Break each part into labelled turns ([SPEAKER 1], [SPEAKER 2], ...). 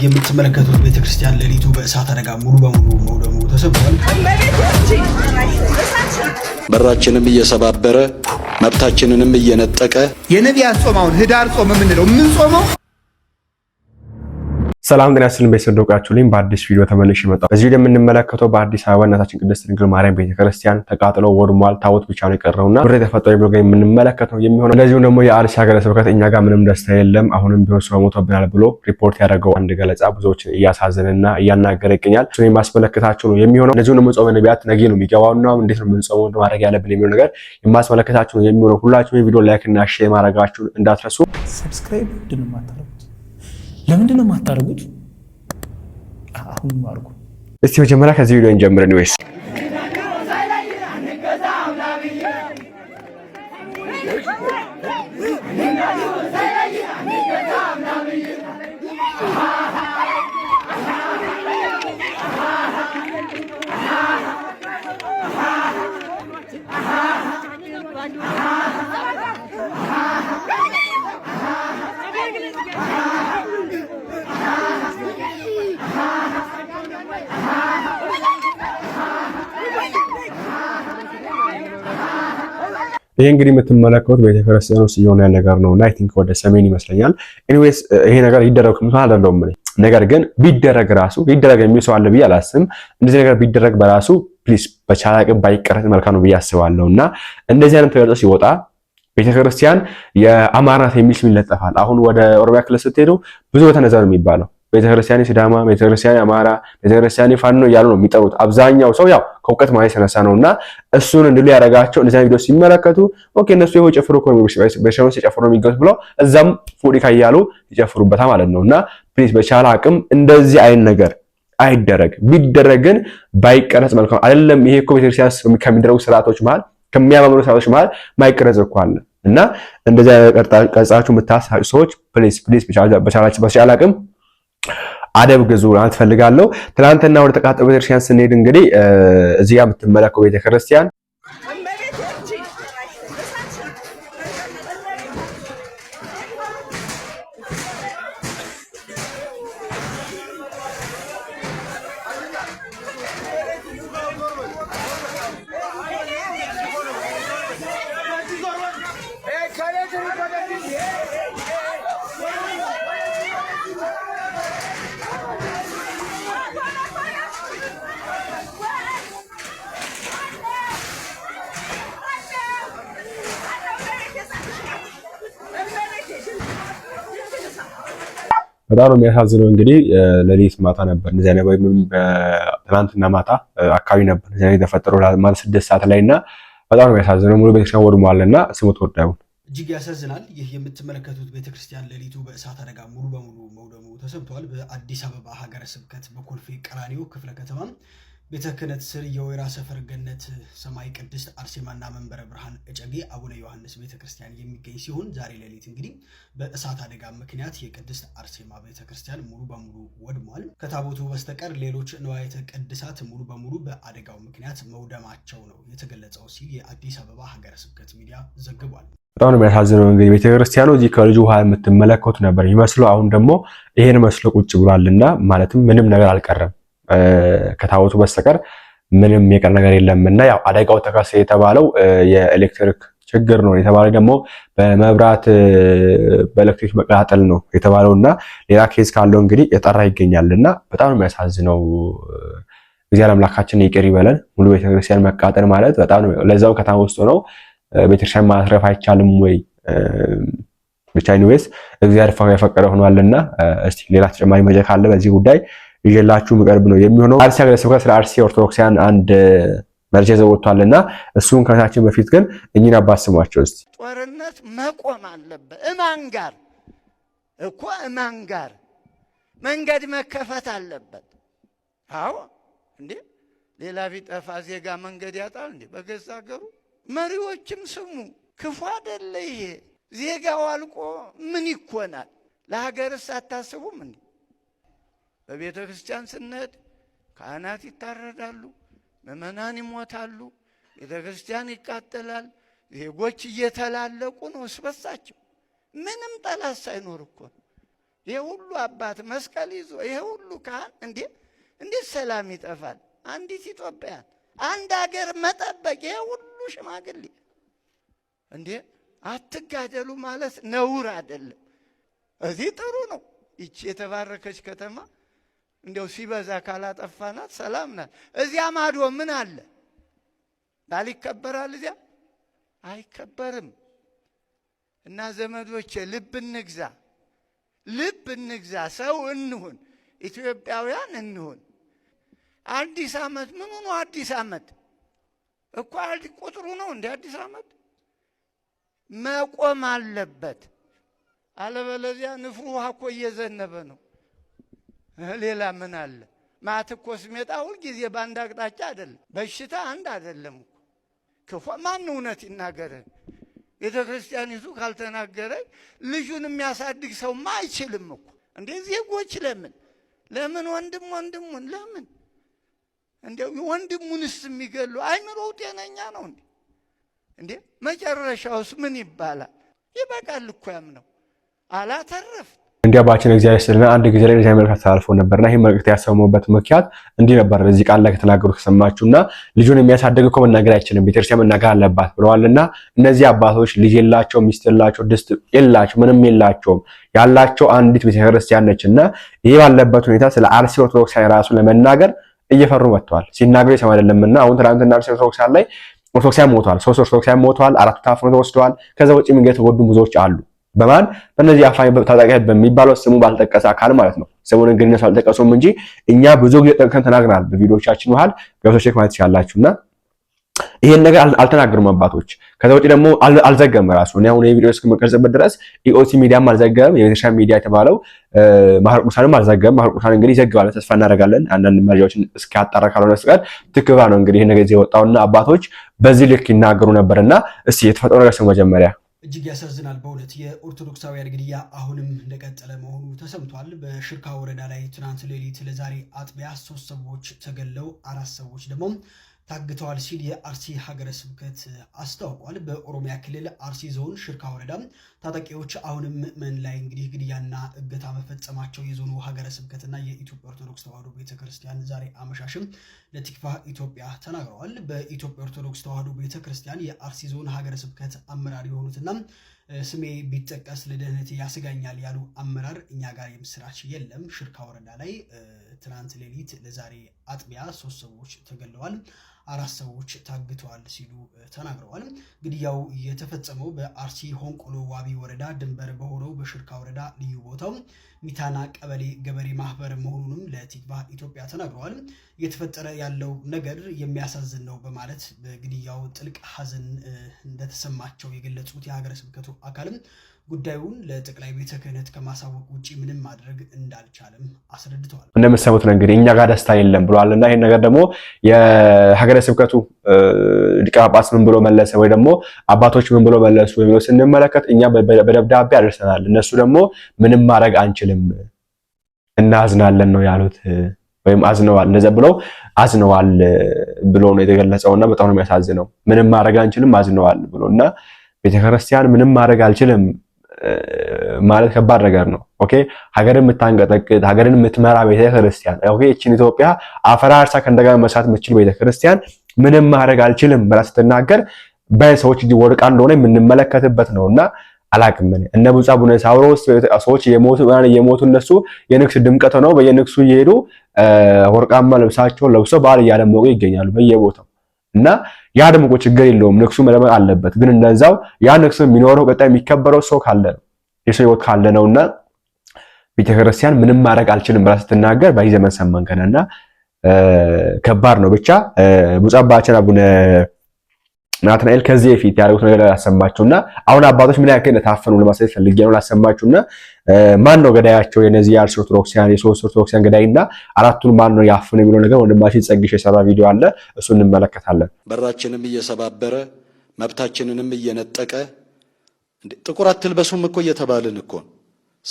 [SPEAKER 1] ላይ የምትመለከቱት ቤተክርስቲያን ሌሊቱ በእሳት አደጋ ሙሉ በሙሉ መውደሙ ተሰምቷል። በራችንም እየሰባበረ መብታችንንም እየነጠቀ የነቢያት ጾም ህዳር ጾም የምንለው የምንጾመው ሰላም ጤና ስልን ቤተሰብ ደውቃችሁልኝ በአዲስ ቪዲዮ ተመልሼ መጣሁ። በዚህ ቪዲዮ የምንመለከተው በአዲስ አበባ እናታችን ቅድስት ድንግል ማርያም ቤተክርስቲያን ተቃጥሎ ወድሟል። ታቦት ብቻ ነው የቀረውና ብር የተፈጠሩ ብሎ የምንመለከተው የሚሆነው እንደዚሁም ደግሞ የአርሲ ሀገረ ስብከት እኛ ጋር ምንም ደስታ የለም አሁንም ቢሆን ሰው ሞቶብናል ብሎ ሪፖርት ያደረገው አንድ ገለጻ ብዙዎችን እያሳዘነና እያናገረ ይገኛል። እሱን የማስመለከታችሁ ነው የሚሆነው። እንደዚሁም ደግሞ ጾመ ነቢያት ነገ ነው የሚገባውና እንዴት ነው የምንጾመው ማድረግ ያለብን የሚሆነው ነገር የማስመለከታችሁ ነው የሚሆነው። ሁላችሁም የቪዲዮ ላይክ እና ሼር ማድረጋችሁን እንዳትረሱ። ሰብስክራይብ ለምንድን ነው የማታደርጉት? አሁን አድርጉ። እስቲ መጀመሪያ ከዚህ ቪዲዮ እንጀምረን ወይስ ይሄ እንግዲህ የምትመለከቱት ቤተክርስቲያን ውስጥ እየሆነ ያለ ነገር ነው እና አይ ቲንክ ወደ ሰሜን ይመስለኛል። ኤኒዌይስ ይሄ ነገር ይደረግ ከመጣ አይደለም እኔ ነገር ግን ቢደረግ ራሱ ይደረግ የሚል ሰው አለ ብዬ አላስብም። እንደዚህ ነገር ቢደረግ በራሱ ፕሊስ በቻላቅም ባይቀረት መልካም ነው ብዬ አስባለሁ እና እንደዚህ አይነት ተገልጾ ሲወጣ ቤተክርስቲያን የአማራ ናት የሚል ስም ይለጠፋል። አሁን ወደ ኦሮሚያ ክልል ስትሄዱ ብዙ በተነዛ ነው የሚባለው ቤተክርስቲያን ሲዳማ፣ ቤተክርስቲያን አማራ፣ ቤተክርስቲያን ፋኖ እያሉ ነው የሚጠሩት። አብዛኛው ሰው ያው ከእውቀት ማነስ የተነሳ ነው እና እሱን እንድሉ ያደረጋቸው እንደዚህ ቪዲዮ ሲመለከቱ ኦኬ እነሱ ይኸው ጨፍሩ እኮ በሸኖስ የጨፍሩ ነው የሚገቡት ብለው እዛም ፉዲካ እያሉ ይጨፍሩበታ ማለት ነው እና ፕሊዝ በቻለ አቅም እንደዚህ አይነት ነገር አይደረግ። ቢደረግ ግን ባይቀረጽ መልካም አይደለም። ይሄ እኮ ቤተክርስቲያን ከሚደረጉ ስርዓቶች መሀል ከሚያማምሩ ስርዓቶች መሀል ማይቀረጽ እኮ አለ እና እንደዚህ ቀርጻችሁ የምታሳዩ ሰዎች ፕሊዝ ፕሊዝ በቻላችሁ በቻላችሁ አቅም አደብ ግዙ ማለት ፈልጋለሁ። ትናንትና ወደ ተቃጠለው ቤተክርስቲያን ስንሄድ እንግዲህ እዚያ የምትመለከው ቤተክርስቲያን በጣም ነው የሚያሳዝነው። እንግዲህ ሌሊት ማታ ነበር እንደዚህ አይነት ወይም በትናንትና ማታ አካባቢ ነበር እንደዚህ አይነት የተፈጠረው ማታ ስድስት ሰዓት ላይ እና በጣም ነው የሚያሳዝነው። ሙሉ ቤተክርስቲያን ወድሟል እና ስሙት ወዳዩን እጅግ ያሳዝናል። ይህ የምትመለከቱት ቤተክርስቲያን ሌሊቱ በእሳት አደጋ ሙሉ በሙሉ መውደሙ ተሰምተዋል። በአዲስ አበባ ሀገረ ስብከት በኮልፌ ቀራኒዮ ክፍለ ከተማ ቤተ ክህነት ስር የወይራ ሰፈር ገነት ሰማይ ቅድስት አርሴማና መንበረ ብርሃን እጨጌ አቡነ ዮሐንስ ቤተ ክርስቲያን የሚገኝ ሲሆን ዛሬ ሌሊት እንግዲህ በእሳት አደጋ ምክንያት የቅድስት አርሴማ ቤተ ክርስቲያን ሙሉ በሙሉ ወድሟል። ከታቦቱ በስተቀር ሌሎች ንዋየተ ቅድሳት ሙሉ በሙሉ በአደጋው ምክንያት መውደማቸው ነው የተገለጸው ሲል የአዲስ አበባ ሀገረ ስብከት ሚዲያ ዘግቧል። በጣም ነው የሚያሳዝነው። እንግዲህ ቤተክርስቲያኑ እዚህ ከልጁ ውሃ የምትመለከቱ ነበር ይመስሉ አሁን ደግሞ ይሄን መስሎ ቁጭ ብሏልና ማለትም ምንም ነገር አልቀረም። ከታወቱ በስተቀር ምንም የቀር ነገር የለም እና ያው አደጋው ተከሰተ የተባለው የኤሌክትሪክ ችግር ነው የተባለ ደግሞ በመብራት በኤሌክትሪክ መቀጣጠል ነው የተባለው እና ሌላ ኬዝ ካለው እንግዲህ የጠራ ይገኛል እና በጣም የሚያሳዝነው እግዚአብሔር አምላካችን ይቅር ይበለን። ሙሉ ቤተክርስቲያን መቃጠል ማለት በጣም ለዛው ከተማ ውስጥ ነው ቤተክርስቲያን ማስረፍ አይቻልም ወይ? ብቻ ኒዌስ እግዚአብሔር ፈቃዱ የፈቀደ ሆኗልና፣ እስቲ ሌላ ተጨማሪ መጃ ካለ በዚህ ጉዳይ ይዤላችሁ ምቀርብ ነው የሚሆነው። አርሲ ሀገረ ስብከት ስለ አርሲ ኦርቶዶክሳውያን አንድ መረጃ ይዘው ወጥቷልና እሱን ከታችን በፊት ግን እኚህን አባት ስሟቸው እስቲ። ጦርነት መቆም አለበት። እማን ጋር እኮ እማን ጋር መንገድ መከፈት አለበት። አዎ እንዴ ሌላ ቢጠፋ ዜጋ መንገድ ያጣል እንዴ በገዛ ሀገሩ? መሪዎችም ስሙ፣ ክፉ አደለ ይሄ። ዜጋው አልቆ ምን ይኮናል? ለሀገርስ አታስቡም እንዴ? በቤተ ክርስቲያን ስንሄድ ካህናት ይታረዳሉ፣ ምእመናን ይሞታሉ፣ ቤተ ክርስቲያን ይቃጠላል። ዜጎች እየተላለቁ ነው እስበሳቸው ምንም ጠላት ሳይኖር እኮ ነው። ይሄ ሁሉ አባት መስቀል ይዞ ይሄ ሁሉ ካህን እንዴ እንዴት ሰላም ይጠፋል? አንዲት ኢትዮጵያን አንድ ሀገር መጠበቅ ይሄ ሁሉ ሽማግሌ እንዴ አትጋደሉ ማለት ነውር አይደለም። እዚህ ጥሩ ነው። ይቺ የተባረከች ከተማ እንዲያው ሲበዛ ካላጠፋናት ሰላም ናት። እዚያ ማዶ ምን አለ? ባል ይከበራል? እዚያ አይከበርም። እና ዘመዶቼ ልብ እንግዛ፣ ልብ እንግዛ፣ ሰው እንሁን፣ ኢትዮጵያውያን እንሁን። አዲስ ዓመት ምኑ ነው? አዲስ ዓመት እኮ ቁጥሩ ነው እንደ አዲስ ዓመት መቆም አለበት። አለበለዚያ ንፍሩ ውሃ እኮ እየዘነበ ነው። ሌላ ምን አለ? ማት እኮ ስሜጣ ሁልጊዜ በአንድ አቅጣጫ አይደለም። በሽታ አንድ አይደለም እኮ ክፉ ማን እውነት ይናገረን? ቤተ ክርስቲያኒቱ ካልተናገረኝ ልጁን የሚያሳድግ ሰውማ አይችልም እኮ እንዴ! ዜጎች ለምን ለምን ወንድም ወንድሙን ለምን እንዴ ወንድሙንስ የሚገሉ አይምሮው ጤነኛ ነው እንዴ? እንዴ መጨረሻውስ ምን ይባላል? ይበቃል እኮ ያም ነው አላተረፍ እንዲያ ባችን እግዚአብሔር ስለና አንድ ጊዜ ላይ ለእግዚአብሔር መልእክት አስተላልፈው ነበርና ይህ መልእክት ያሰሙበት ምክንያት እንዲህ ነበር። እዚህ ቃል ላይ ከተናገሩ ከሰማችሁና ልጁን የሚያሳድገው እኮ መናገር አይችልም፣ ቤተክርስቲያን መናገር አለባት ብለዋልና እነዚህ አባቶች ልጅ የላቸው፣ ሚስት የላቸው፣ ድስት የላቸው፣ ምንም የላቸውም። ያላቸው አንዲት ቤተክርስቲያን ነች እና ይህ ባለበት ሁኔታ ስለ አርሲ ኦርቶዶክሳውያን ራሱ ለመናገር እየፈሩ መጥተዋል። ሲናገሩ ይሰማ አይደለምና አሁን ትናንትና አርሲ ኦርቶዶክሳውያን ላይ ኦርቶዶክሳውያን ሞተዋል፣ ሶስት ኦርቶዶክሳውያን ሞተዋል፣ አራቱ ታፍነው ተወስደዋል። ከዛ ውጭ መንገድ የተጎዱ ብዙዎች አሉ። በማን በእነዚህ አፋኝ ታጣቂያት በሚባለው ስሙ ባልጠቀሰ አካል ማለት ነው። ስሙን ግን እነሱ አልጠቀሱም እንጂ እኛ ብዙ ጊዜ ጠቅሰን ተናግረናል። በቪዲዮቻችን መሀል ገብቶ ቼክ ማለት እና ይሄን ነገር አልተናገሩም አባቶች። ከዛ ውጭ ደግሞ አልዘገም ራሱ እኔ አሁን የቪዲዮ እስከምቀርጽበት ድረስ ኢኦሲ ሚዲያም አልዘገም፣ የቤተሻ ሚዲያ የተባለው ማህር ቅዱሳንም አልዘገም። ማህር ቅዱሳን እንግዲህ ይዘግባለን ተስፋ እናደርጋለን። አንዳንድ መረጃዎችን እስኪያጣራ ካልሆነ በስተቀር ትክባ ነው እንግዲህ ይህ ነገር ዜ የወጣውና አባቶች በዚህ ልክ ይናገሩ ነበርና እስ የተፈጠረው ነገር መጀመሪያ እጅግ ያሳዝናል። በእውነት የኦርቶዶክሳውያን ግድያ አሁንም እንደቀጠለ መሆኑ ተሰምቷል። በሽርካ ወረዳ ላይ ትናንት ሌሊት ለዛሬ አጥቢያ ሶስት ሰዎች ተገለው አራት ሰዎች ደግሞ ታግተዋል ሲል የአርሲ ሀገረ ስብከት አስታውቋል። በኦሮሚያ ክልል አርሲ ዞን ሽርካ ወረዳ ታጣቂዎች አሁንም ምዕመን ላይ እንግዲህ ግድያና እገታ መፈጸማቸው የዞኑ ሀገረ ስብከትና የኢትዮጵያ ኦርቶዶክስ ተዋሕዶ ቤተክርስቲያን ዛሬ አመሻሽም ለቲክፋ ኢትዮጵያ ተናግረዋል። በኢትዮጵያ ኦርቶዶክስ ተዋሕዶ ቤተክርስቲያን የአርሲ ዞን ሀገረ ስብከት አመራር የሆኑትና ስሜ ቢጠቀስ ለደህንነት ያስጋኛል ያሉ አመራር እኛ ጋር የምስራች የለም፣ ሽርካ ወረዳ ላይ ትናንት ሌሊት ለዛሬ አጥቢያ ሶስት ሰዎች ተገለዋል። አራት ሰዎች ታግተዋል ሲሉ ተናግረዋል። ግድያው የተፈጸመው በአርሲ ሆንቆሎ ዋቢ ወረዳ ድንበር በሆነው በሽርካ ወረዳ ልዩ ቦታው ሚታና ቀበሌ ገበሬ ማህበር መሆኑንም ለቲክባ ኢትዮጵያ ተናግረዋል። እየተፈጠረ ያለው ነገር የሚያሳዝን ነው በማለት በግድያው ጥልቅ ሐዘን እንደተሰማቸው የገለጹት የሀገረ ስብከቱ አካልም ጉዳዩን ለጠቅላይ ቤተ ክህነት ከማሳወቅ ውጭ ምንም ማድረግ እንዳልቻለም አስረድተዋል። እንደምትሰሙት ነው እንግዲህ እኛ ጋር ደስታ የለም ብለዋል እና ይህን ነገር ደግሞ የሀገረ ስብከቱ ሊቀ ጳጳስ ምን ብሎ መለሰ ወይ ደግሞ አባቶች ምን ብሎ መለሱ የሚለው ስንመለከት እኛ በደብዳቤ አድርሰናል፣ እነሱ ደግሞ ምንም ማድረግ አንችልም እናዝናለን ነው ያሉት ወይም አዝነዋል እንደዚያ ብለው አዝነዋል ብሎ ነው የተገለጸው። እና በጣም ነው የሚያሳዝነው። ምንም ማድረግ አንችልም አዝነዋል ብሎ እና ቤተክርስቲያን ምንም ማድረግ አልችልም ማለት ከባድ ነገር ነው። ኦኬ ሀገርን የምታንቀጠቅጥ ሀገርን የምትመራ ቤተክርስቲያን፣ ኦኬ እችን ኢትዮጵያ አፈራርሳ ከእንደገና መስራት የምችል ቤተክርስቲያን ምንም ማድረግ አልችልም ብላ ስትናገር በሰዎች እጅ ወድቃ እንደሆነ የምንመለከትበት ነውና አላቅም እኔ እነ ብፁዕ አቡነ ሳዊሮስ ሰዎች የሞቱ የሞቱ እነሱ የንግስ ድምቀት ነው። በየንግሱ እየሄዱ ወርቃማ ልብሳቸውን ለብሰው በዓል እያደመቁ ይገኛሉ በየቦታው እና ያ ደግሞ ችግር የለውም ንክሱ መለመድ አለበት። ግን እንደዛው ያ ንግስ የሚኖረው ቀጣይ የሚከበረው ሰው ካለ ነው የሰው ህይወት ካለ ነውና ቤተክርስቲያን ምንም ማድረግ አልችልም ብላ ስትናገር በዚህ ዘመን ሰማን እና ከባድ ነው። ብቻ ብፁዕ አባታችን አቡነ ናትናኤል ከዚህ በፊት ያደረጉት ነገር ላሰማችሁና አሁን አባቶች ምን ያክል እንደታፈኑ ለማሳየት ፈልጌ ነው ላሰማችሁና ማን ነው ገዳያቸው የነዚህ የአርስ ኦርቶዶክሲያን የሶስት ኦርቶዶክሲያን ገዳይ እና አራቱን ማን ነው ያፈኑ የሚለው ነገር ወንድማችን ጸግሽ የሰራ ቪዲዮ አለ እሱ እንመለከታለን በራችንም እየሰባበረ መብታችንንም እየነጠቀ ጥቁር አትልበሱም እኮ እየተባልን እኮ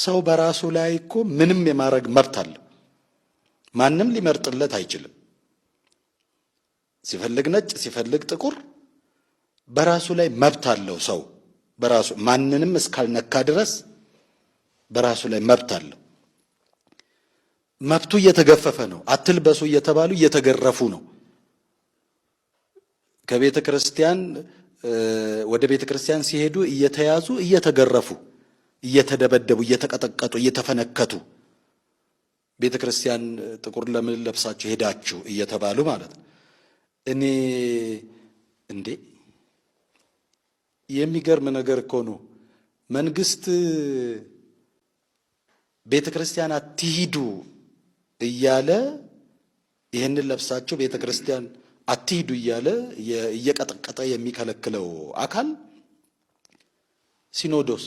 [SPEAKER 1] ሰው በራሱ ላይ እኮ ምንም የማድረግ መብት አለ ማንም ሊመርጥለት አይችልም ሲፈልግ ነጭ ሲፈልግ ጥቁር በራሱ ላይ መብት አለው። ሰው በራሱ ማንንም እስካልነካ ድረስ በራሱ ላይ መብት አለው። መብቱ እየተገፈፈ ነው። አትልበሱ እየተባሉ እየተገረፉ ነው። ከቤተ ክርስቲያን ወደ ቤተ ክርስቲያን ሲሄዱ እየተያዙ እየተገረፉ፣ እየተደበደቡ፣ እየተቀጠቀጡ፣ እየተፈነከቱ ቤተ ክርስቲያን ጥቁር ለምን ለብሳችሁ ሄዳችሁ እየተባሉ ማለት ነው። እኔ እንዴ የሚገርም ነገር እኮ ነው። መንግስት ቤተ ክርስቲያን አትሂዱ እያለ ይህንን ለብሳችሁ ቤተ ክርስቲያን አትሂዱ እያለ እየቀጠቀጠ የሚከለክለው አካል ሲኖዶስ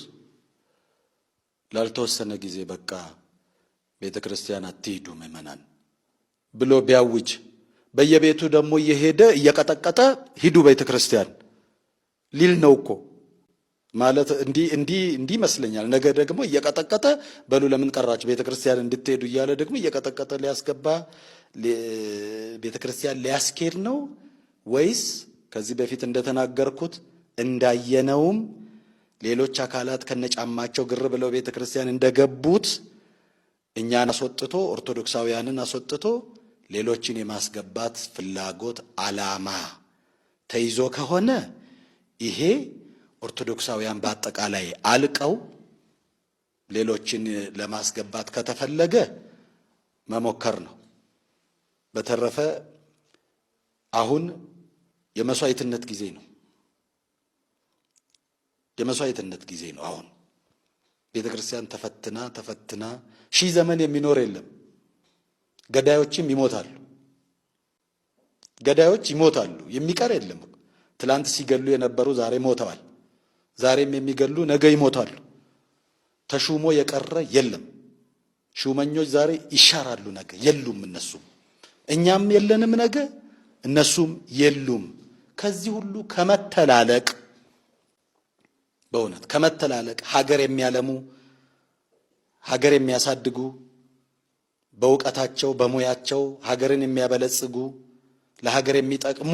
[SPEAKER 1] ላልተወሰነ ጊዜ በቃ ቤተ ክርስቲያን አትሂዱ ምዕመናን ብሎ ቢያውጅ፣ በየቤቱ ደግሞ እየሄደ እየቀጠቀጠ ሂዱ ቤተ ክርስቲያን ሊል ነው እኮ ማለት እንዲህ እንዲህ እንዲህ ይመስለኛል። ነገ ደግሞ እየቀጠቀጠ በሉ ለምን ቀራችሁ ቤተ ክርስቲያን እንድትሄዱ እያለ ደግሞ እየቀጠቀጠ ሊያስገባ ቤተ ክርስቲያን ሊያስኬድ ነው ወይስ ከዚህ በፊት እንደተናገርኩት እንዳየነውም ሌሎች አካላት ከነጫማቸው ግር ብለው ቤተ ክርስቲያን እንደገቡት እኛን አስወጥቶ ኦርቶዶክሳውያንን አስወጥቶ ሌሎችን የማስገባት ፍላጎት አላማ ተይዞ ከሆነ ይሄ ኦርቶዶክሳውያን በአጠቃላይ አልቀው ሌሎችን ለማስገባት ከተፈለገ መሞከር ነው። በተረፈ አሁን የመስዋዕትነት ጊዜ ነው። የመስዋዕትነት ጊዜ ነው። አሁን ቤተ ክርስቲያን ተፈትና ተፈትና ሺህ ዘመን የሚኖር የለም። ገዳዮችም ይሞታሉ። ገዳዮች ይሞታሉ። የሚቀር የለም። ትላንት ሲገሉ የነበሩ ዛሬ ሞተዋል። ዛሬም የሚገሉ ነገ ይሞታሉ። ተሹሞ የቀረ የለም። ሹመኞች ዛሬ ይሻራሉ፣ ነገ የሉም። እነሱም እኛም የለንም፣ ነገ እነሱም የሉም። ከዚህ ሁሉ ከመተላለቅ በእውነት ከመተላለቅ ሀገር የሚያለሙ ሀገር የሚያሳድጉ በእውቀታቸው በሙያቸው ሀገርን የሚያበለጽጉ ለሀገር የሚጠቅሙ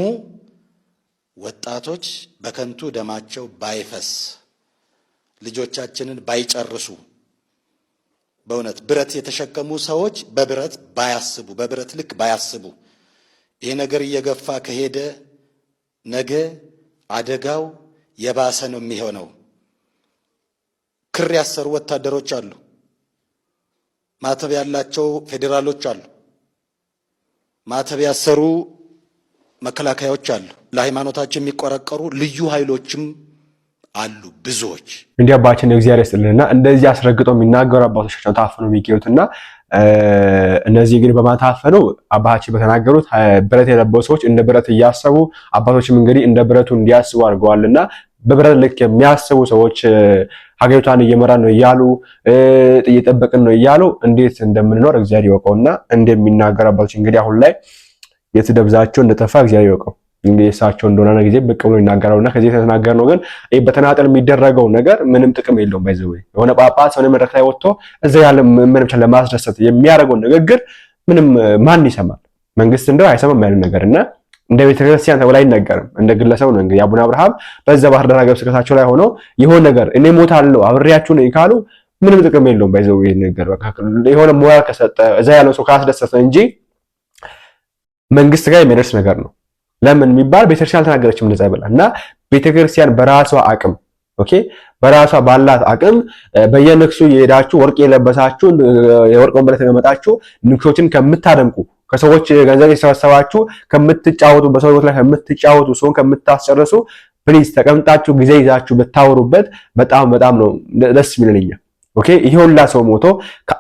[SPEAKER 1] ወጣቶች በከንቱ ደማቸው ባይፈስ፣ ልጆቻችንን ባይጨርሱ፣ በእውነት ብረት የተሸከሙ ሰዎች በብረት ባያስቡ፣ በብረት ልክ ባያስቡ፣ ይህ ነገር እየገፋ ከሄደ ነገ አደጋው የባሰ ነው የሚሆነው። ክር ያሰሩ ወታደሮች አሉ። ማተብ ያላቸው ፌዴራሎች አሉ። ማተብ ያሰሩ መከላከያዎች አሉ። ለሃይማኖታችን የሚቆረቀሩ ልዩ ኃይሎችም አሉ ብዙዎች። እንዲህ አባችን እግዚአብሔር ይስጥልንና እንደዚህ አስረግጠው የሚናገሩ አባቶች ታፍነው የሚገኙትና እነዚህ ግን በማታፈነው አባታችን በተናገሩት ብረት የለበሱ ሰዎች እንደ ብረት እያሰቡ አባቶችም እንግዲህ እንደ ብረቱ እንዲያስቡ አድርገዋልና በብረት ልክ የሚያስቡ ሰዎች ሀገሪቷን እየመራን ነው እያሉ እየጠበቅን ነው እያሉ እንዴት እንደምንኖር እግዚአብሔር ይወቀውና እንደሚናገር አባቶች እንግዲህ አሁን ላይ የት ደብዛቸው እንደጠፋ እግዚአብሔር ያውቀው። እንግዲህ እሳቸው እንደሆነ ጊዜ ብቅ ብሎ ይናገራሉና ከዚህ ነው። ግን ይህ በተናጠል የሚደረገው ነገር ምንም ጥቅም የለውም። ባይዘው የሆነ ጳጳስ የሆነ መድረክ ላይ ወጥቶ እዛ ያለ ምን ብቻ ለማስደሰት የሚያደርገውን ንግግር ምንም ማን ይሰማል? መንግስት እንደው አይሰማም ያለ ነገር እና እንደ ቤተክርስቲያን ተብሎ አይነገርም። እንደ ግለሰብ ነው እንግዲህ አቡነ አብርሃም በዛ ባህር ዳር ሀገረ ስብከታቸው ላይ ሆኖ ይሆን ነገር እኔ ሞታለሁ አብሬያችሁ ነኝ ካሉ ምንም ጥቅም የለውም። ባይዘው ይሄ ነገር በቃ የሆነ ሞራል ከሰጠ እዛ ያለው ሰው ካስደሰተ እንጂ መንግስት ጋር የሚደርስ ነገር ነው። ለምን የሚባል ቤተክርስቲያን አልተናገረችም እንደዛ ብላ እና ቤተክርስቲያን በራሷ አቅም ኦኬ በራሷ ባላት አቅም በየንክሱ የሄዳችሁ ወርቅ የለበሳችሁ የወርቅ ወንበር የተቀመጣችሁ ንክሶችን ከምታደምቁ ከሰዎች ገንዘብ የሰበሰባችሁ ከምትጫወቱ በሰው ህይወት ላይ ከምትጫወቱ ሰውን ከምታስጨርሱ ፕሊዝ ተቀምጣችሁ ጊዜ ይዛችሁ ብታወሩበት በጣም በጣም ነው ደስ የሚለንኛ። ኦኬ ይሄ ሁላ ሰው ሞቶ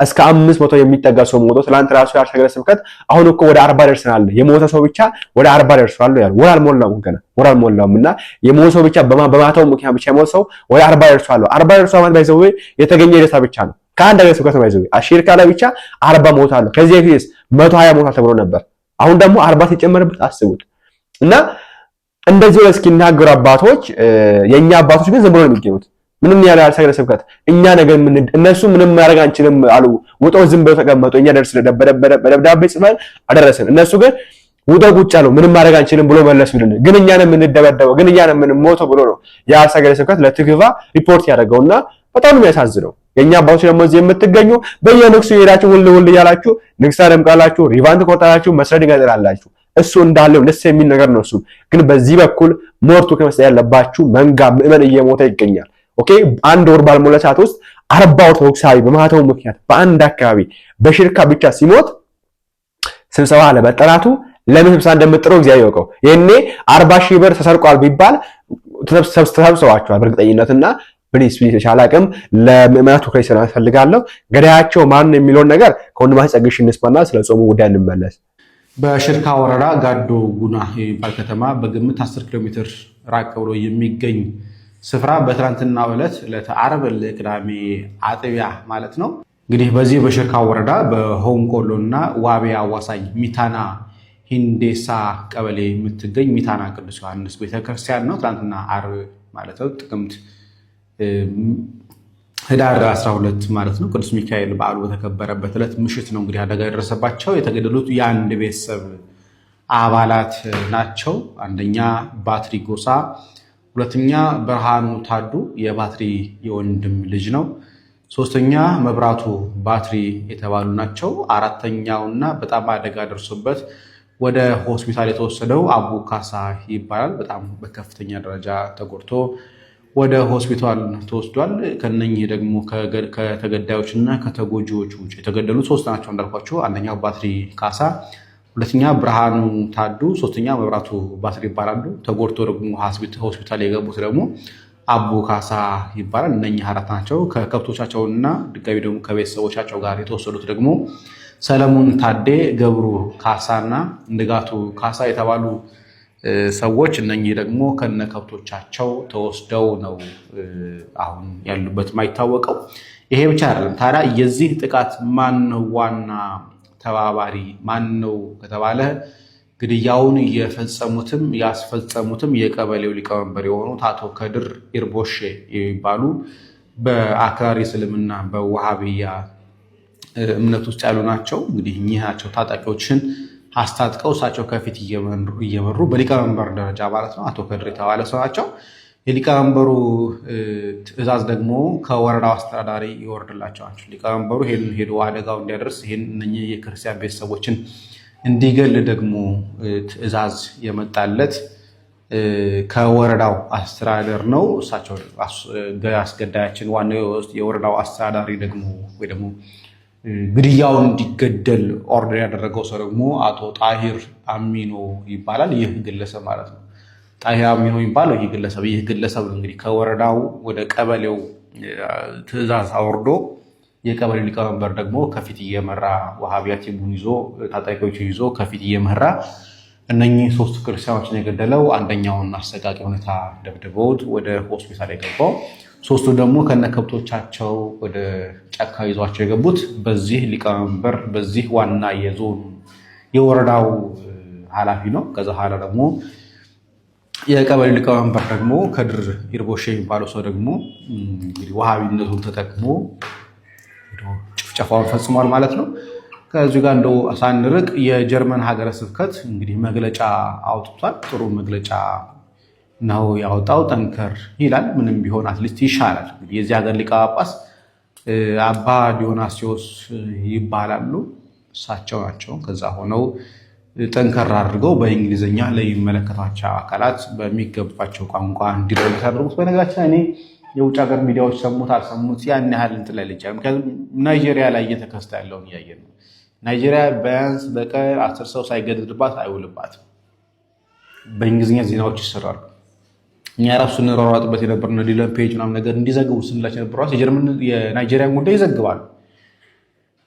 [SPEAKER 1] እስከ አምስት መቶ የሚጠጋ ሰው ሞቶ ትላንት ራሱ ያሸገረ ስብከት አሁን እኮ ወደ አርባ ደርሰናል የሞተ ሰው ብቻ ወደ አርባ ደርሷል ያሉ ወር አልሞላውም ገና ወር አልሞላውም እና የሞተ ሰው ብቻ በማተው ምክንያት ብቻ የሞተ ሰው ወደ አርባ ደርሷል አርባ ደርሷል ማለት ባይዘው የተገኘ ደስታ ብቻ ነው ከአንድ ሀገረ ስብከት ባይዘው አሽርካ ላይ ብቻ አርባ ሞት አለ ከዚህ በፊትስ መቶ ሀያ ሞት ተብሎ ነበር አሁን ደግሞ አርባ ሲጨመርበት አስቡት እና እንደዚህ ብለው እስኪናገሩ አባቶች የእኛ አባቶች ግን ዝም ብሎ ነው የሚገኙት ምንም ያለ አልሰገደ ስብከት እኛ ነገር ምን እነሱ ምንም ማድረግ አንችልም አሉ። ውጠው ዝም ብለው ተቀመጡ። እኛ ደርስ ደብዳቤ ጽፈን አደረሰን። እነሱ ግን ውጠው ቁጭ አሉ። ምንም ማድረግ አንችልም ብሎ ይልን ግን እኛ ነው የምንደበደበው፣ ግን እኛ ነው የምንሞተው ብሎ ነው ያልሰገደ ስብከት ለትግቫ ሪፖርት ያደረገውና በጣም የሚያሳዝነው የኛ አባቶች ደግሞ እዚህ የምትገኙ በየንግሱ የሄዳችሁ ውል ውል እያላችሁ ንግስ ደምቃላችሁ፣ ሪቫንት ቆርጣላችሁ፣ መስረድ ይገጥላላችሁ። እሱ እንዳለው ደስ የሚል ነገር ነው። እሱ ግን በዚህ በኩል ሞርቱ ከመስጠት ያለባችሁ መንጋ ምእመን እየሞተ ይገኛል። ኦኬ አንድ ወር ባልሞላ ሰዓት ውስጥ አርባ ኦርቶዶክሳዊ በማህተቡ ምክንያት በአንድ አካባቢ በሽርካ ብቻ ሲሞት ስብሰባ ለመጠራቱ ለምን ስብሰባ እንደምትጠራው እግዚአብሔር ያውቀው። ይሄኔ አርባ ሺህ ብር ተሰርቋል ቢባል ተሰብስባቸዋል በእርግጠኝነትና ፕሊስ ፕሊስ የተሻለ አቅም ለምዕመናቱ ክሬ ያስፈልጋለሁ። ገዳያቸው ማን የሚለውን ነገር ከወንድማችን ጸግሽ እንስማና ስለ ጾሙ ጉዳይ እንመለስ። በሽርካ ወረዳ ጋዶ ጉና የሚባል ከተማ በግምት 10 ኪሎ ሜትር ራቅ ብሎ የሚገኝ ስፍራ በትናንትናው ዕለት ዕለተ ዓርብ ለቅዳሜ አጥቢያ ማለት ነው እንግዲህ በዚህ በሽርካ ወረዳ በሆንቆሎ እና ዋቤ አዋሳኝ ሚታና ሂንዴሳ ቀበሌ የምትገኝ ሚታና ቅዱስ ዮሐንስ ቤተክርስቲያን ነው። ትናንትና ዓርብ ማለት ነው ጥቅምት ህዳር 12 ማለት ነው ቅዱስ ሚካኤል በዓሉ በተከበረበት ዕለት ምሽት ነው እንግዲህ አደጋ የደረሰባቸው የተገደሉት የአንድ ቤተሰብ አባላት ናቸው። አንደኛ ባትሪ ጎሳ ሁለተኛ ብርሃኑ ታዱ የባትሪ የወንድም ልጅ ነው። ሶስተኛ መብራቱ ባትሪ የተባሉ ናቸው። አራተኛውና በጣም አደጋ ደርሶበት ወደ ሆስፒታል የተወሰደው አቡ ካሳ ይባላል። በጣም በከፍተኛ ደረጃ ተጎድቶ ወደ ሆስፒታል ተወስዷል። ከነኚህ ደግሞ ከተገዳዮች እና ከተጎጂዎች ውጭ የተገደሉ ሶስት ናቸው እንዳልኳቸው። አንደኛው ባትሪ ካሳ ሁለተኛ ብርሃኑ ታዱ፣ ሶስተኛ መብራቱ ባስር ይባላሉ። ተጎድቶ ደግሞ ሆስፒታል የገቡት ደግሞ አቡ ካሳ ይባላል። እነኚህ አራት ናቸው። ከከብቶቻቸውና ድጋሚ ደግሞ ከቤተሰቦቻቸው ጋር የተወሰዱት ደግሞ ሰለሞን ታዴ፣ ገብሩ ካሳና ንጋቱ ካሳ የተባሉ ሰዎች እነኚህ ደግሞ ከነ ከብቶቻቸው ተወስደው ነው አሁን ያሉበት የማይታወቀው። ይሄ ብቻ አይደለም ታዲያ የዚህ ጥቃት ማን ዋና ተባባሪ ማን ነው ከተባለ ግድያውን የፈጸሙትም ያስፈጸሙትም የቀበሌው ሊቀመንበር የሆኑት አቶ ከድር ኢርቦሼ የሚባሉ በአክራሪ እስልምና በውሃብያ እምነት ውስጥ ያሉ ናቸው። እንግዲህ እኚህ ናቸው ታጣቂዎችን አስታጥቀው እሳቸው ከፊት እየመሩ በሊቀመንበር ደረጃ ማለት ነው አቶ ከድር የተባለ ሰው ናቸው። የሊቀመንበሩ ትዕዛዝ ደግሞ ከወረዳው አስተዳዳሪ ይወርድላቸዋል። ሊቀመንበሩ ይሄን ሄዶ አደጋው እንዲያደርስ ይህን እነ የክርስቲያን ቤተሰቦችን እንዲገል ደግሞ ትዕዛዝ የመጣለት ከወረዳው አስተዳደር ነው። እሳቸው አስገዳያችን ዋናው የወረዳው አስተዳዳሪ ደግሞ ወይ ደግሞ ግድያው እንዲገደል ኦርደር ያደረገው ሰው ደግሞ አቶ ጣሂር አሚኖ ይባላል። ይህ ግለሰብ ማለት ነው። ጣሂያ ሚኖ የሚባለው ይህ ግለሰብ ይህ ግለሰብ እንግዲህ ከወረዳው ወደ ቀበሌው ትዕዛዝ አውርዶ የቀበሌው ሊቀመንበር ደግሞ ከፊት እየመራ ወሃቢያ ቲቡን ይዞ ታጣቂዎቹ ይዞ ከፊት እየመራ እነኚህ ሶስቱ ክርስቲያኖችን የገደለው አንደኛውን አሰቃቂ ሁኔታ ደብድበውት ወደ ሆስፒታል የገባው ሶስቱ ደግሞ ከነ ከብቶቻቸው ወደ ጫካ ይዟቸው የገቡት በዚህ ሊቀመንበር በዚህ ዋና የዞኑ የወረዳው ኃላፊ ነው። ከዛ ኋላ ደግሞ የቀበሌ ሊቀመንበር ደግሞ ከድር ኢርቦሼ የሚባለው ሰው ደግሞ እንግዲህ ውሃቢነቱን ተጠቅሞ ጭፍጨፋውን ፈጽሟል ማለት ነው። ከዚሁ ጋር እንደው ሳንርቅ የጀርመን ሀገረ ስብከት እንግዲህ መግለጫ አውጥቷል። ጥሩ መግለጫ ነው ያወጣው። ጠንከር ይላል። ምንም ቢሆን አትሊስት ይሻላል። እንግዲህ የዚህ ሀገር ሊቀ ጳጳስ አባ ዲዮናስዮስ ይባላሉ። እሳቸው ናቸው ከዛ ሆነው ጠንከራ አድርገው በእንግሊዝኛ ለሚመለከታቸው አካላት በሚገባቸው ቋንቋ እንዲረዱ ታደርጉት። በነገራችን እኔ የውጭ ሀገር ሚዲያዎች ሰሙት አልሰሙት ያን ያህል እንትን ላይ ልጫ ምክንያቱም ናይጄሪያ ላይ እየተከሰተ ያለውን እያየን ነው። ናይጄሪያ ቢያንስ በቀን አስር ሰው ሳይገደልባት አይውልባትም። በእንግሊዝኛ ዜናዎች ይሰራሉ። እኛ ራሱ ስንሯሯጥበት የነበርነ ዲለን ፔጅ ምናምን ነገር እንዲዘግቡ ስንላቸው የነበረ የናይጄሪያን ጉዳይ ይዘግባሉ።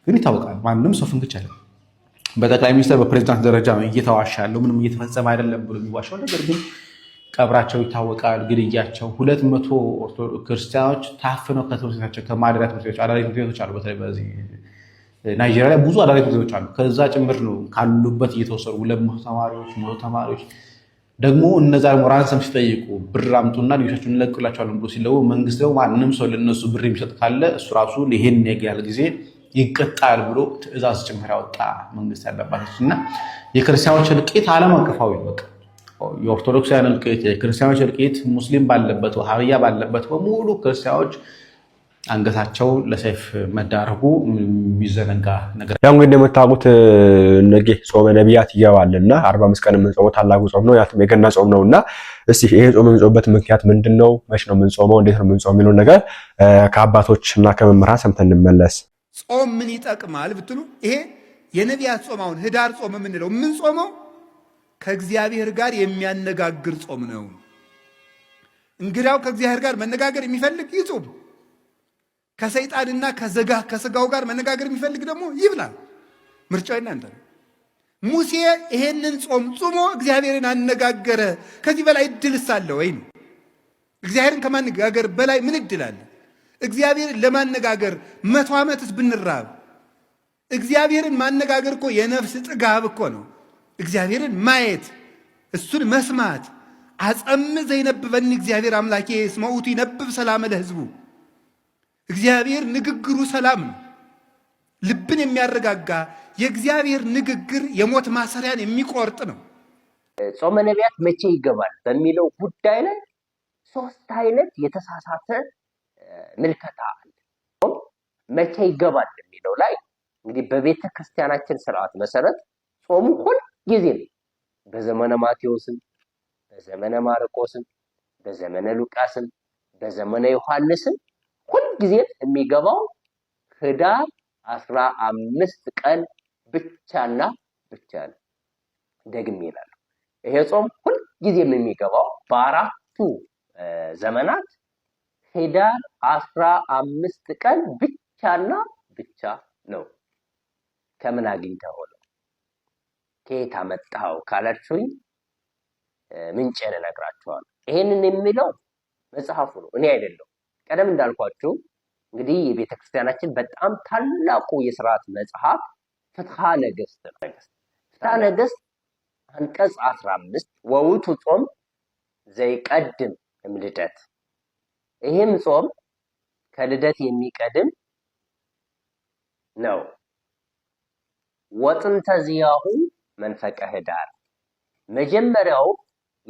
[SPEAKER 1] ግን ይታወቃል ማንም ሰው ፍንክች አለ በጠቅላይ ሚኒስትር በፕሬዚዳንት ደረጃ እየተዋሻ ያለው ምንም እየተፈጸመ አይደለም ብሎ የሚዋሻው ነገር ግን ቀብራቸው ይታወቃል። ግድያቸው ሁለት መቶ ኦርቶዶክስ ክርስቲያኖች ታፍነው ከትምህርት ቤታቸው ከማደሪያ ትምህርት ቤቶች አዳሪ ትምህርት ቤቶች አሉ። በተለይ በዚህ ናይጄሪያ ላይ ብዙ አዳሪ ትምህርት ቤቶች አሉ። ከዛ ጭምር ነው ካሉበት እየተወሰዱ ሁለት መቶ ተማሪዎች መቶ ተማሪዎች ደግሞ እነዛ ደግሞ ራንሰም ሲጠይቁ ብር አምጡና ልጆቻችሁን እንለቅላቸዋለን ብሎ ሲለው መንግስት ደግሞ ማንም ሰው ለነሱ ብር የሚሰጥ ካለ እሱ ራሱ ይሄን ያህል ጊዜ ይቀጣል ብሎ ትእዛዝ ጭምር ያወጣ መንግስት ያለባለች እና የክርስቲያኖች እልቂት ዓለም አቀፋዊ በቃ የኦርቶዶክሳውያን እልቂት፣ የክርስቲያኖች እልቂት ሙስሊም ባለበት ወሃብያ ባለበት በሙሉ ክርስቲያኖች አንገታቸው ለሰይፍ መዳረጉ የሚዘነጋ ነገር። ያው እንግዲህ እንደምታውቁት ነገ ጾመ ነቢያት ይገባል እና አርባ አምስት ቀን የምንጾመው ታላቁ ጾም ነው፣ የገና ጾም ነው እና እስኪ ይሄ ጾም የምንጾምበት ምክንያት ምንድን ነው? መች ነው የምንጾመው? እንዴት ነው የምንጾመው? የሚለውን ነገር ከአባቶች እና ከመምህራን ሰምተን እንመለስ። ጾም ምን ይጠቅማል ብትሉ ይሄ የነቢያት ጾም አሁን ህዳር ጾም የምንለው ምን ጾመው ከእግዚአብሔር ጋር የሚያነጋግር ጾም ነው። እንግዳው ከእግዚአብሔር ጋር መነጋገር የሚፈልግ ይጹም። ከሰይጣንና ከዘጋ ከስጋው ጋር መነጋገር የሚፈልግ ደግሞ ይብላል። ምርጫው እናንተ ነው። ሙሴ ይሄንን ጾም ጾሞ እግዚአብሔርን አነጋገረ። ከዚህ በላይ እድልስ አለ ወይ? እግዚአብሔርን ከማነጋገር በላይ ምን እድል አለ? እግዚአብሔርን ለማነጋገር መቶ ዓመትስ ብንራብ እግዚአብሔርን ማነጋገር እኮ የነፍስ ጥጋብ እኮ ነው። እግዚአብሔርን ማየት እሱን መስማት አጸም ዘይነብበኒ እግዚአብሔር አምላኬ እስመ ውእቱ ይነብብ ሰላም ለሕዝቡ። እግዚአብሔር ንግግሩ ሰላም ነው፣ ልብን የሚያረጋጋ የእግዚአብሔር ንግግር የሞት ማሰሪያን የሚቆርጥ ነው። ጾመ ነቢያት መቼ ይገባል በሚለው ጉዳይ ላይ ሶስት አይነት የተሳሳተ ምልከታ አለ። መቼ ይገባል የሚለው ላይ እንግዲህ በቤተ ክርስቲያናችን ስርዓት መሰረት ጾሙ ሁል ጊዜ ነው። በዘመነ ማቴዎስም፣ በዘመነ ማርቆስም፣ በዘመነ ሉቃስም፣ በዘመነ ዮሐንስም ሁል ጊዜ የሚገባው ህዳር አስራ አምስት ቀን ብቻና ብቻ ነው። ደግሜ እላለሁ ይሄ ጾም ሁልጊዜም የሚገባው በአራቱ ዘመናት ህዳር አስራ አምስት ቀን ብቻና ብቻ ነው። ከምን አግኝተው ነው ከየት መጣው ካላችሁኝ ምንጭን እነግራችኋለሁ። ይሄንን የሚለው መጽሐፉ ነው፣ እኔ አይደለሁም። ቀደም እንዳልኳችሁ እንግዲህ የቤተ ክርስቲያናችን በጣም ታላቁ የስርዓት መጽሐፍ ፍትሐ ነገስት ነው። ፍትሐ ነገስት አንቀጽ አስራ አምስት ወውቱ ጾም ዘይቀድም እምልደት ይህም ጾም ከልደት የሚቀድም ነው። ወጥንተ ዚያሁ መንፈቀ ህዳር መጀመሪያው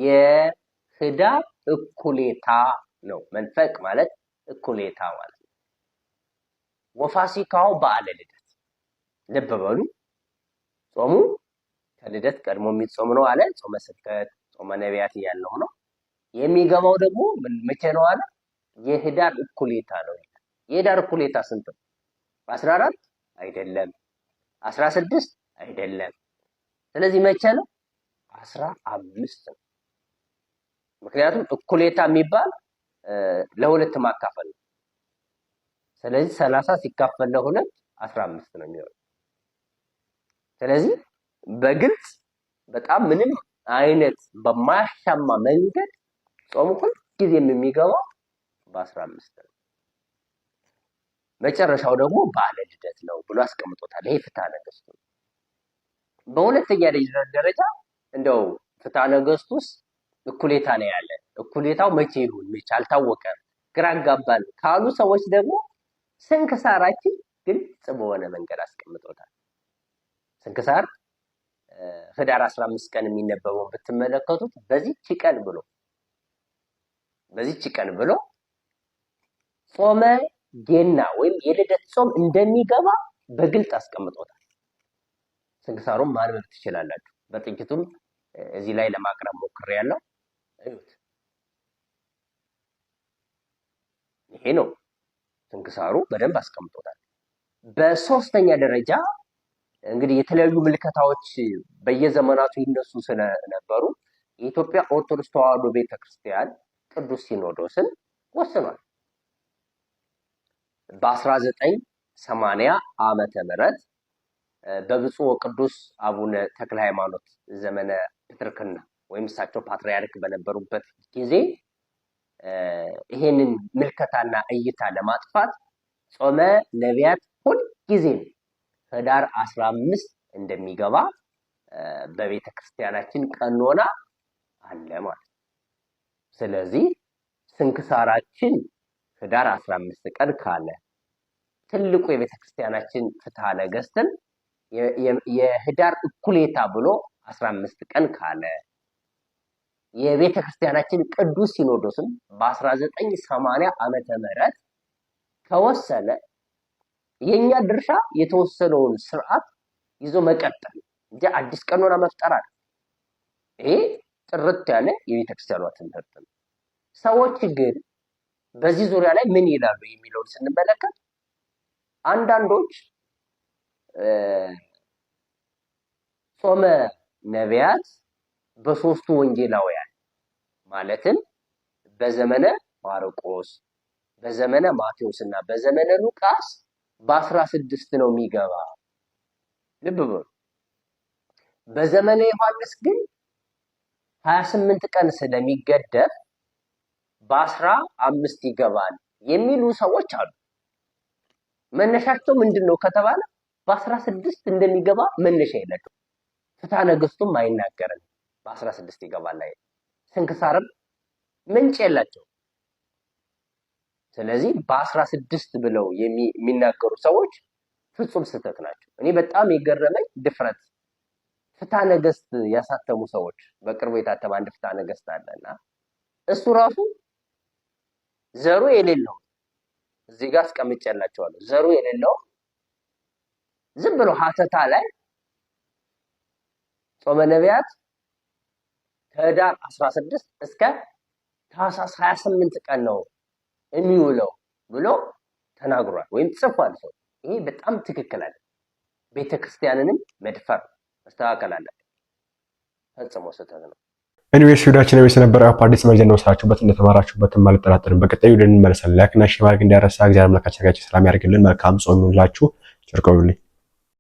[SPEAKER 1] የህዳር እኩሌታ ነው። መንፈቅ ማለት እኩሌታ ማለት ነው። ወፋሲካው በዓለ ልደት። ልብ በሉ ጾሙ ከልደት ቀድሞ የሚጾም ነው አለ። ጾመ ስብከት ጾመ ነቢያት እያለው ነው የሚገባው ደግሞ መቼ ነው አለ የህዳር እኩሌታ ነው። የህዳር እኩሌታ ስንት ነው? በአስራ አራት አይደለም፣ አስራ ስድስት አይደለም። ስለዚህ መቼ ነው? አስራ አምስት ነው። ምክንያቱም እኩሌታ የሚባል ለሁለት ማካፈል ነው። ስለዚህ ሰላሳ ሲካፈል ለሁለት አስራ አምስት ነው የሚሆነው። ስለዚህ በግልጽ በጣም ምንም አይነት በማያሻማ መንገድ ጾሙ ጊዜም የሚገባው በአስራ አምስት መጨረሻው ደግሞ ባለ ልደት ነው ብሎ አስቀምጦታል። ይሄ ፍትሐ ነገስቱ ነው። በሁለተኛ ደረጃ እንደው ፍትሐ ነገሥቱ ውስጥ እኩሌታ ነው ያለ። እኩሌታው መቼ ይሁን መቼ አልታወቀም፣ ግራ አጋባል ካሉ ሰዎች ደግሞ ስንክሳራችን ግልጽ በሆነ መንገድ አስቀምጦታል። ስንክሳር ህዳር 15 ቀን የሚነበበውን ብትመለከቱት በዚች ቀን ብሎ በዚች ቀን ብሎ ጾመ ጌና ወይም የልደት ጾም እንደሚገባ በግልጽ አስቀምጦታል። ስንክሳሩም ማንበብ ትችላላችሁ። በጥቂቱም እዚህ ላይ ለማቅረብ ያለው እዩት። ይሄ ነው ስንክሳሩ በደንብ አስቀምጦታል። በሶስተኛ ደረጃ እንግዲህ የተለያዩ ምልከታዎች በየዘመናቱ ይነሱ ስለነበሩ የኢትዮጵያ ኦርቶዶክስ ተዋህዶ ቤተክርስቲያን ቅዱስ ሲኖዶስን ወስኗል። በ1980 ዓመተ ምህረት በብፁዕ ቅዱስ አቡነ ተክለ ሃይማኖት ዘመነ ፕትርክና ወይም እሳቸው ፓትርያርክ በነበሩበት ጊዜ ይሄንን ምልከታና እይታ ለማጥፋት ጾመ ነቢያት ሁልጊዜም ህዳር አስራ አምስት እንደሚገባ በቤተ ክርስቲያናችን ቀኖና አለ ማለት ነው። ስለዚህ ስንክሳራችን ህዳር 15 ቀን ካለ ትልቁ የቤተ ክርስቲያናችን ፍትሐ ነገሥትን የህዳር እኩሌታ ብሎ 15 ቀን ካለ የቤተ ክርስቲያናችን ቅዱስ ሲኖዶስም በ1980 ዓመተ ምህረት ከወሰነ የኛ ድርሻ የተወሰነውን ስርዓት ይዞ መቀጠል እንጂ አዲስ ቀኖና መፍጠር አለ። ይሄ ጥርት ያለ የቤተክርስቲያኗ ትምህርት ነው። ሰዎች ግን በዚህ ዙሪያ ላይ ምን ይላሉ የሚለውን ስንመለከት አንዳንዶች ጾመ ነቢያት በሶስቱ ወንጌላውያን ማለትም በዘመነ ማርቆስ፣ በዘመነ ማቴዎስ እና በዘመነ ሉቃስ በአስራ ስድስት ነው የሚገባ። ልብ በሉ። በዘመነ ዮሐንስ ግን ሀያ ስምንት ቀን ስለሚገደብ በአስራ አምስት ይገባል የሚሉ ሰዎች አሉ። መነሻቸው ምንድን ነው ከተባለ በአስራ ስድስት እንደሚገባ መነሻ የላቸው። ፍትሐ ነገስቱም አይናገርም በአስራ ስድስት ይገባል ላይ ስንክሳርም ምንጭ የላቸው። ስለዚህ በአስራ ስድስት ብለው የሚናገሩ ሰዎች ፍጹም ስህተት ናቸው። እኔ በጣም የገረመኝ ድፍረት ፍትሐ ነገስት ያሳተሙ ሰዎች በቅርቡ የታተመ አንድ ፍትሐ ነገስት አለና እሱ ራሱ ዘሩ የሌለው እዚህ ጋር አስቀምጬላቸዋለሁ። ዘሩ የሌለው ዝም ብሎ ሀተታ ላይ ጾመ ነቢያት ከህዳር 16 እስከ ታህሳስ 28 ቀን ነው የሚውለው ብሎ ተናግሯል ወይም ጽፏል ሰው። ይሄ በጣም ትክክል አለ። ቤተክርስቲያንንም መድፈር መስተካከል አለ ፈጽሞ ስህተት ነው። ኤኒዌይስ ቪዲዮችን ነው የሰነበረ አፕ አዲስ መረጃ ነው ስራችሁበት እንደተማራችሁበትም አልጠራጠርም። በቀጣዩ ደን እንመለሳለን። ላይክ እና ሼር ማድረግ እንዳይረሳ። እግዚአብሔር አምላካችን ሰላም ያደርግልን። መልካም ጾም ይሁንላችሁ። ጨርቆ ይሁንልኝ።